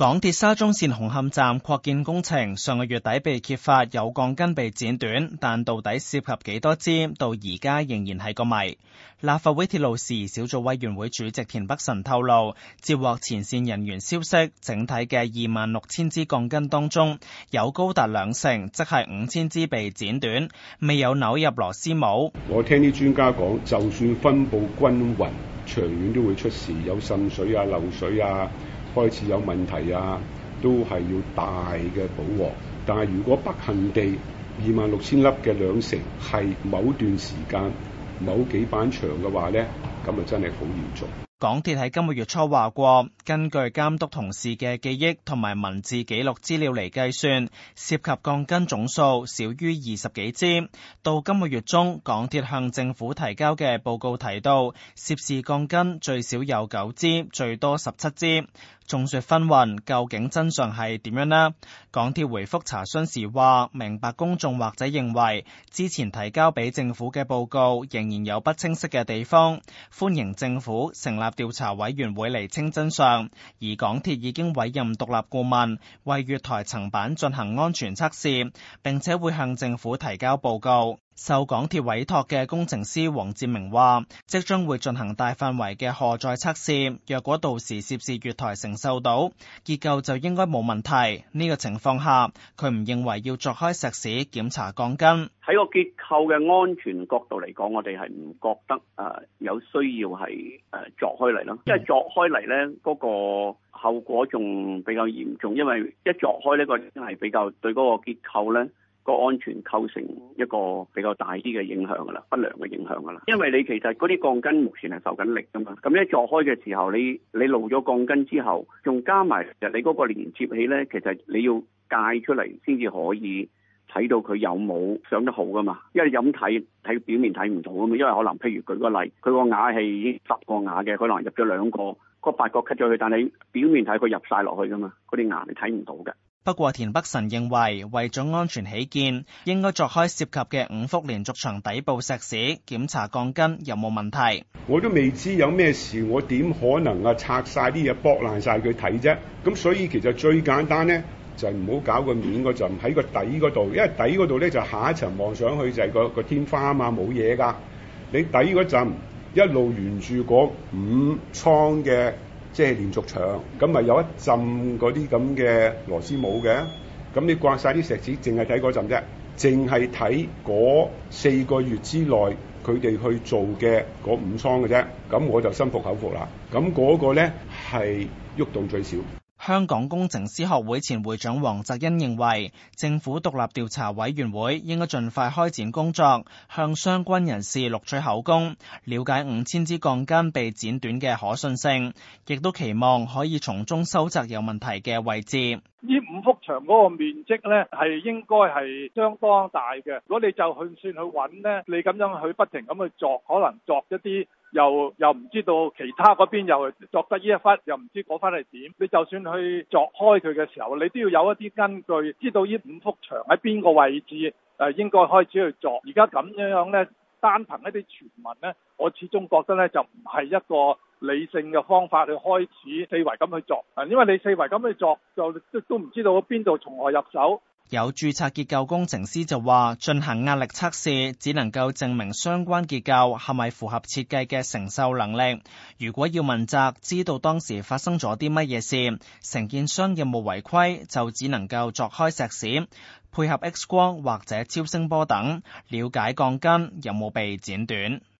港鐵沙中線紅磡站擴建工程上個月底被揭發有鋼筋被剪短，但到底涉及幾多支，到而家仍然係個謎。立法會鐵路事宜小組委員會主席田北辰透露，接獲前線人員消息，整體嘅二萬六千支鋼筋當中有高達兩成，即係五千支被剪短，未有扭入螺絲帽。我聽啲專家講，就算分佈均勻，長遠都會出事，有滲水啊、漏水啊。開始有問題啊，都係要大嘅補鑊。但係如果不幸地二萬六千粒嘅兩成係某段時間某幾板長嘅話咧，咁啊真係好嚴重。港鐵喺今個月初話過，根據監督同事嘅記憶同埋文字記錄資料嚟計算，涉及鋼筋總數少於二十幾支。到今個月中，港鐵向政府提交嘅報告提到，涉事鋼筋最少有九支，最多十七支。眾說紛紜，究竟真相係點樣呢？港鐵回覆查詢時話，明白公眾或者認為之前提交俾政府嘅報告仍然有不清晰嘅地方，歡迎政府成立。調查委員會釐清真相，而港鐵已經委任獨立顧問為月台層板進行安全測試，並且會向政府提交報告。受港鐵委託嘅工程師黃志明話，即將會進行大範圍嘅荷載測試。若果到時涉事月台承受到結構就應該冇問題。呢、這個情況下，佢唔認為要鑿開石屎檢查鋼筋。喺個結構嘅安全角度嚟講，我哋係唔覺得誒、呃、有需要係誒鑿開嚟咯。因為鑿開嚟咧，嗰、那個後果仲比較嚴重。因為一鑿開呢、那個係比較對嗰個結構咧。個安全構成一個比較大啲嘅影響㗎啦，不良嘅影響㗎啦。因為你其實嗰啲鋼筋目前係受緊力㗎嘛，咁咧鑿開嘅時候，你你露咗鋼筋之後，仲加埋其實你嗰個連接器咧，其實你要介出嚟先至可以睇到佢有冇上得好㗎嘛。因為你咁睇睇表面睇唔到啊嘛，因為可能譬如舉個例，佢個牙係十個牙嘅，可能入咗兩個，八個八角 cut 咗佢，但係表面睇佢入晒落去㗎嘛，嗰啲牙你睇唔到嘅。不過田北辰認為，為咗安全起見，應該鑿開涉及嘅五幅連續牆底部石屎檢查鋼筋有冇問題。我都未知有咩事，我點可能啊拆晒啲嘢，剝爛晒佢睇啫。咁所以其實最簡單咧，就係唔好搞個面嗰陣，喺個底嗰度。因為底嗰度咧就下一層望上去就係個個天花啊嘛，冇嘢噶。你底嗰陣一路沿住嗰五倉嘅。即係連續場，咁咪有一陣嗰啲咁嘅螺絲帽嘅，咁你刮晒啲石子，淨係睇嗰陣啫，淨係睇嗰四個月之內佢哋去做嘅嗰五倉嘅啫，咁我就心服口服啦。咁嗰個咧係喐動最少。香港工程師學會前會長黃澤恩認為，政府獨立調查委員會應該盡快開展工作，向相關人士錄取口供，了解五千支鋼筋被剪短嘅可信性，亦都期望可以從中收窄有問題嘅位置。呢五幅牆嗰個面積呢，係應該係相當大嘅，如果你就去算去揾呢，你咁樣去不停咁去鑿，可能鑿一啲。又又唔知道其他嗰邊又作得呢一忽，又唔知嗰忽係點。你就算去鑿開佢嘅時候，你都要有一啲根據，知道呢五幅牆喺邊個位置誒、呃、應該開始去作。而家咁樣樣咧，單憑一啲傳聞咧，我始終覺得咧就唔係一個理性嘅方法去開始四圍咁去作啊，因為你四圍咁去作就都都唔知道邊度從何入手。有註冊結構工程師就話，進行壓力測試只能夠證明相關結構係咪符合設計嘅承受能力。如果要問責，知道當時發生咗啲乜嘢事，承建商有冇違規，就只能夠鑿開石屎，配合 X 光或者超聲波等，了解鋼筋有冇被剪短。